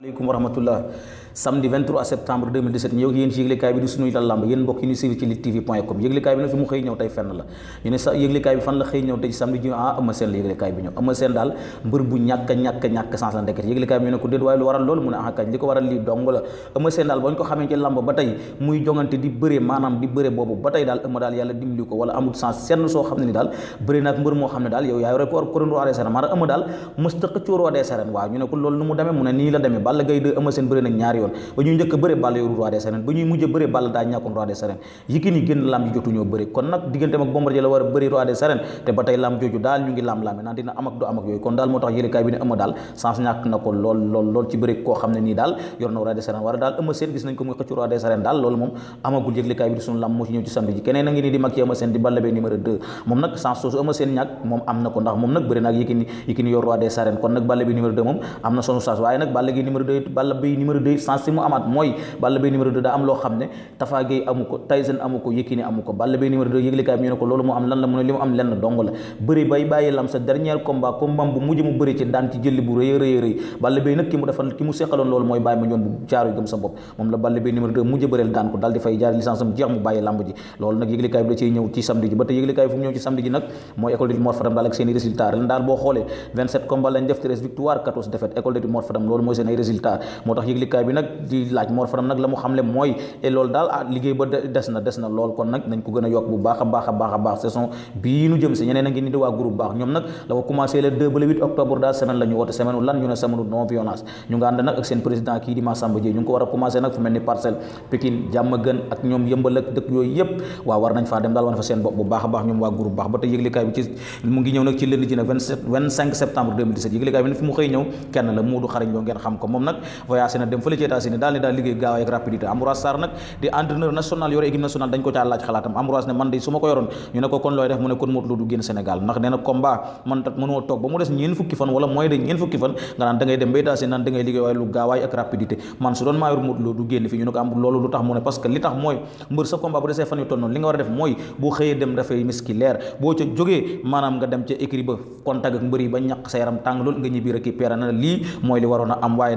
wa ah, waaye lu waral loolu mu ne ah kañ li ko waral lii dong la Eumeu Sène daal ba nag mbër moo xam ne daal yow yaay record couronne roi des arènes maanaam Eumeu daal mësta xëccoo roi des arènes waaw ñu ne ko loolu mu demee mu ne nii la demee Balla Gaye 2 Eumeu Sène bëri nañ yoon ba ñuy njëkk bëre Balla yoru roi des arènes ba ñuy mujj bëre Balla daa ñàkkoon roi des arènes Yékini génn nii daal lam ji keneen a ngi kon nag Balla Gaye numéro 2 moom am na sonu sas waaye nag Balla Gaye numéro numéro 2 Balla Gaye numéro daa am loo xam ne Tapha Gueye amu ko Tyson amu Balla bay bàyyi lam sa bu ñëw ci samedi ji ba tey yëglikaay bi ñëw ci samedi ji nag mooy école de Mor Fadam daal ak seen résultat ren daal boo xoolee 27 lañ def 13 victoire 14 défaite école de Mor Fadam loolu mooy seen ay résultat moo tax yëglikaay bi nag di laaj Mor Fadam nag la mu xamle mooy loolu daal ah liggéey ba des na des na lool kon nag nañ ko gën a yokk bu baax a baax a baax a bii nu jëm si ñeneen a ngi ni waa groupe baax ñoom nag fu mel ni parcelle Pikine jàmm gën ak ñoom yëmbal ak dëkk yooyu yëpp waaw war nañ faa dem daal wane fa seen bopp bu baax a baax ñoom waa groupe baax ba tey yëglikaay bi ci mu ngi ñëw nag ci lënd ji na 27 25 septembre moom nag voyagé na dem fële ci États-Unis daal ne daal liggéey gaaw ak rapidité Ambroise Sarr nag di entraîneur national yore équipe nationale dañ ko caa laaj xalaatam Ambroise ne man de su ma ko yoroon ñu ne ko kon looy def mu ne kon Modou Lô du génn Sénégal ndax nee na combat man tat mënoo toog ba mu des ñeen fukki fan wala mooy de ñeen fukki fan nga naan da ngay dem ba États-Unis naan da ngay liggéey waaye lu gaawaay ak rapidité man su doon maa yor Modou Lô du génn fii ñu ne ko am loolu lu tax mu ne parce que li tax mooy mbër sa combat bu desee fan yu toll noonu li nga war a def mooy boo xëyee dem dafay musculaire boo ca jógee maanaam nga dem ca écrit ba contact ak mbër yi ba ñàq sa yaram tàng loolu nga ñibbi récupéré na lii mooy li waroon a am waaye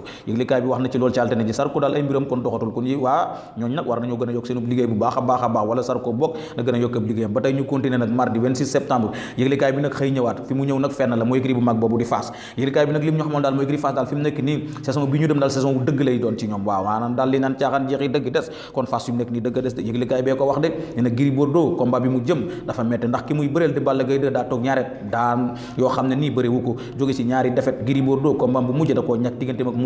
Sonko bi wax na ci loolu ci altine Sarko daal ay mbiram kon doxatul kon yi waa ñooñu nag war nañoo gën a yokk seen liggéey bu baax a baax a baax wala Sarko bokk na gën a yokk ab liggéeyam ba tey ñu continuer nag mardi septembre yëglikaay bi nag xëy ñëwaat fi mu ñëw nag fenn la mooy écrit mag boobu di Fass yëglikaay bi nag lim ñu xamal daal mooy écrit Fass daal fi mu nekk nii saison bi ñu dem daal saison bu dëgg lay doon bi mu jëm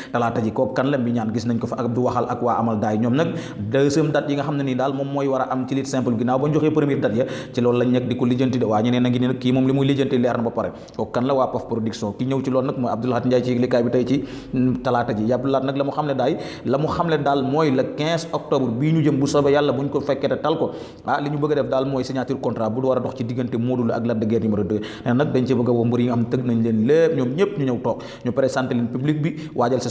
talaata ji kooku kan la bi ñaan gis nañ ko fa ak waxal ak waa amal daay ñoom nag deuxième date yi nga xam ne nii daal moom mooy war a am ci lit simple ginnaaw ba ba pare kooku kan mooy la mu bii ñu jëm bu soobee yàlla buñ ko fekkee tal ko ah li ñu bëgg def daal mooy signature contrat bu war a dox ci diggante Modou ak Lac de Guiers numéro 2 nee nag dañ ci bëgg a woo yi nga tëgg nañ leen lépp ñoom ñëpp ñu ñëw toog ñu présenté leen public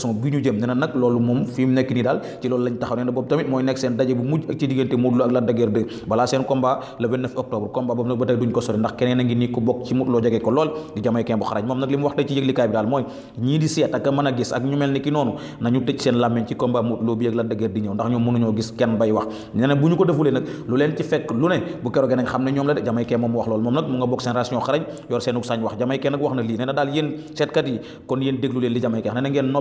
saison bi ñu jëm nee nag loolu moom fi mu nekk nii daal ci loolu lañ taxaw nee boobu tamit mooy nekk seen daje bu mujj ak ci diggante Modou Lo ak Lac de balaa seen combat le 29 octobre boobu nag ba tey duñ ko sori ndax keneen a ngi nii ku bokk ci Modou Lo jege ko lool di Jamaïcain kenn bu ñu moom nag mu nga bokk seen ration xarañ yor seenuk sañ wax Jamaïcain nag wax na lii nee daal yéen seetkat yi kon yéen déglu leen li Jamaïcain nee na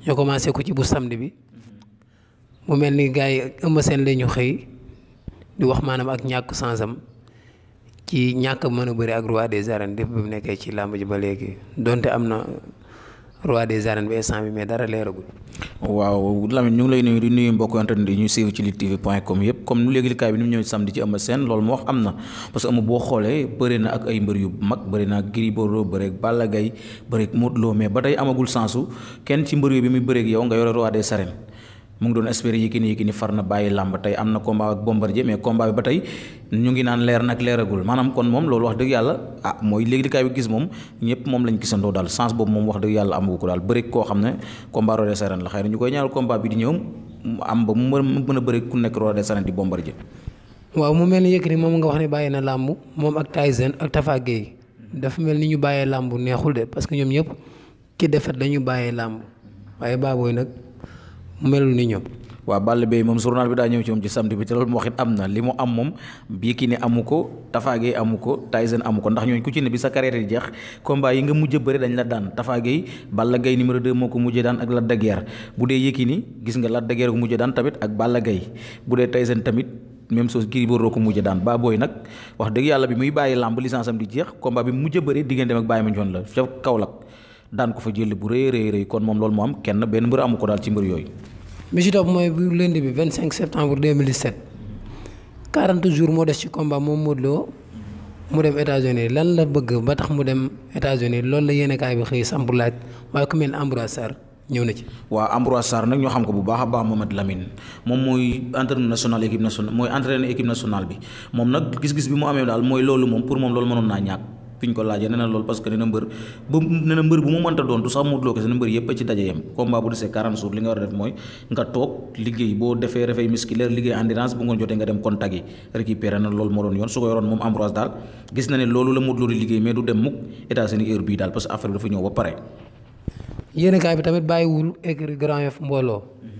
ñoo commencé ko ci bu samedi bi mu mel ni gars yi Eumeu Sène la ñu xëy di wax maanaam ak ñàkk sansam ci ñàkk mën a bëri ak roi des arènes def bi mu nekkee ci làmb ji ba léegi donte am na roi des arènes bi instant mais dara leeragul. waaw Lamine ñu ngi lay di mbokk internet yi ñu suivre ci luttetv.com yëpp comme nu léegi likaay bi ni mu ñëw samedi ci Eumeu Sène loolu moo wax am na parce que Eumeu boo xoolee bëri na ak ay mbër yu mag bëri na ak Gris Bordeaux bëri ak Balla Gaye bëri ak Modou Lo mais ba tey amagul sensu kenn ci mbër yu bi muy bëri ak yow nga yore roi des arènes mu ngi doon espérer Yékini Yékini far na bàyyi làmb tey am na combat ak Bombardier mais combat ba tey ñu ngi naan leer nag leeragul maanaam kon moom loolu wax dëgg yàlla ah mooy léegi li kaay bi gis moom ñëpp moom lañ daal sens boobu moom wax dëgg yàlla amagu ko koo xam ne combat roi des arènes la xëy na ñu koy bëri ku nekk roi des arènes mu mel ni Yékini moom nga wax ne bàyyi na làmb moom ak Tyson ak Tafa Gueye dafa mel ni ñu bàyyee làmb neexul de parce que ñoom ñëpp ki defet dañu bàyyee làmb waaye baabooy nag melul ni ñoom. waaw Balla Beye moom journal bi daa ñëw ci moom ci samedi bi te loolu mu wax am na li mu am moom Yékini amu ko Tapha Gueye amu ko Tyson amu ko ndax ñooñu ku ci ne bi sa carrière di jeex combat yi nga mujj bëri dañ la daan Tapha Gueye Balla Gaye numéro 2 ko mujjee daan ak Lac de bu dee Yékini gis nga Lac de Guiers ko mujjee daan tamit bu dee Tyson tamit même chose kii boo ko mujj daan ba booy nag wax dëgg bi muy bàyyi làmb licence am di jeex combat bi mujj a bëri digganteem ak Baye Mandione la ca Kaolack daan ko fa jël bu rëyee rëy kon moom loolu moo am kenn benn mbër amu ko daal ci mbër yooyu. bi ci topp mooy bu lundi bi 25 septembre 2017 40 moo des ci combat moom Modou Lo mu dem États-Unis lan la bëgg ba tax mu dem États-Unis loolu la yéen kaay bi xëy samp laaj waaye ku mel ne Ambroise Sarr ñëw na ci. waaw Ambroise Sarr nag ñoo xam ko bu baax a baax Mohamed Lamine moom mooy entraîneur national équipe nationale mooy entraîneur équipe nationale bi moom nag gis-gis bi mu amee daal mooy loolu moom pour moom biñ ko laajee nee na loolu parce que nee na mbër bu mu mënta doon du sax Modou Lo kese mbër yëpp ci daje yem combat bu desee 40 jours li nga war a def mooy nga toog liggéey boo defee réveil musculaire liggéey endurance bu ngoon jotee nga dem contact yi récupéré na loolu moo doon yoon su ko yoroon moom Ambroise daal gis na ne loolu la Modou di liggéey mais du dem mukk États-Unis bii daal parce que affaire dafa ñëw ba pare yéen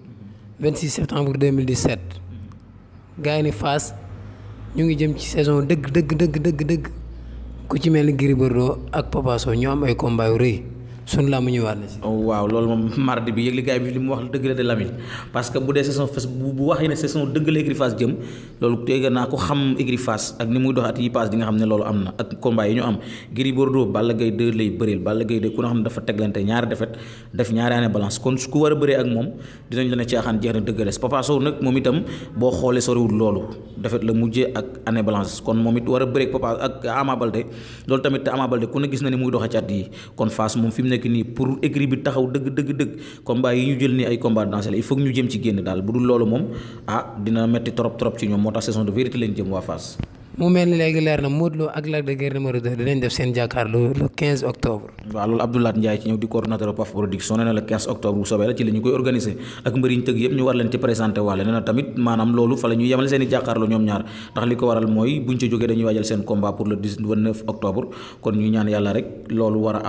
26 septembre 2017 gars yi ni Fass ñu ngi jëm ci saison dëgg dëgg dëgg dëgg ku ci mel ni Gris ak Papa Sow ñoo am ay combat yu rëy sunu làmb ñëwaat na si. Oh, waaw loolu moom mardi bi yëgle gaay bi li mu wax dëgg la de Lamine parce bu dee saison fes bu waxee ne saison dëgg la Écurie Fass jëm loolu teg naa ko xam Écurie Fass ak xam ne loolu am na ak combat yi ñu am Gris Bordeaux Balla Gaye 2 lay bëreel Balla Gaye 2 ku nga xam ne dafa teglante ñaari defet def ñaari année balance kon su ku war a bëree ak moom dinañ la ne caaxaan jeex na dëgg des Papa Sow nag moom itam boo xoolee soriwul l defet la mujjee moom it war a bëree ak Papa ak Ama Baldé loolu tamit te Ama na ni muy nekk nii pour écrit bi taxaw dëgg dëgg dëgg combat yi ñu jël ni ay combat dansé il faut ñu jëm ci génn daal bu dul loolu moom ah dina metti trop trop ci ñoom moo tax saison de vérité lañ jëm waa Fass mu mel ni léegi leer na Modou Lo ak Lac de Guiers numéro 2 dinañ def seen jàkkaarloo le 15 octobre. waaw loolu Abdoulaye Ndiaye ci ñëw di coordonnateur PAF production nee na octobre bu soobee la ci la koy organiser ak mbër tëgg yëpp ñu war leen ci présenté waale nee tamit maanaam loolu fa la ñuy yemale seen i ñoom ñaar ndax li ko waral mooy buñ ci jógee dañuy waajal seen combat pour le octobre kon ñu ñaan yàlla rek loolu war a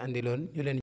am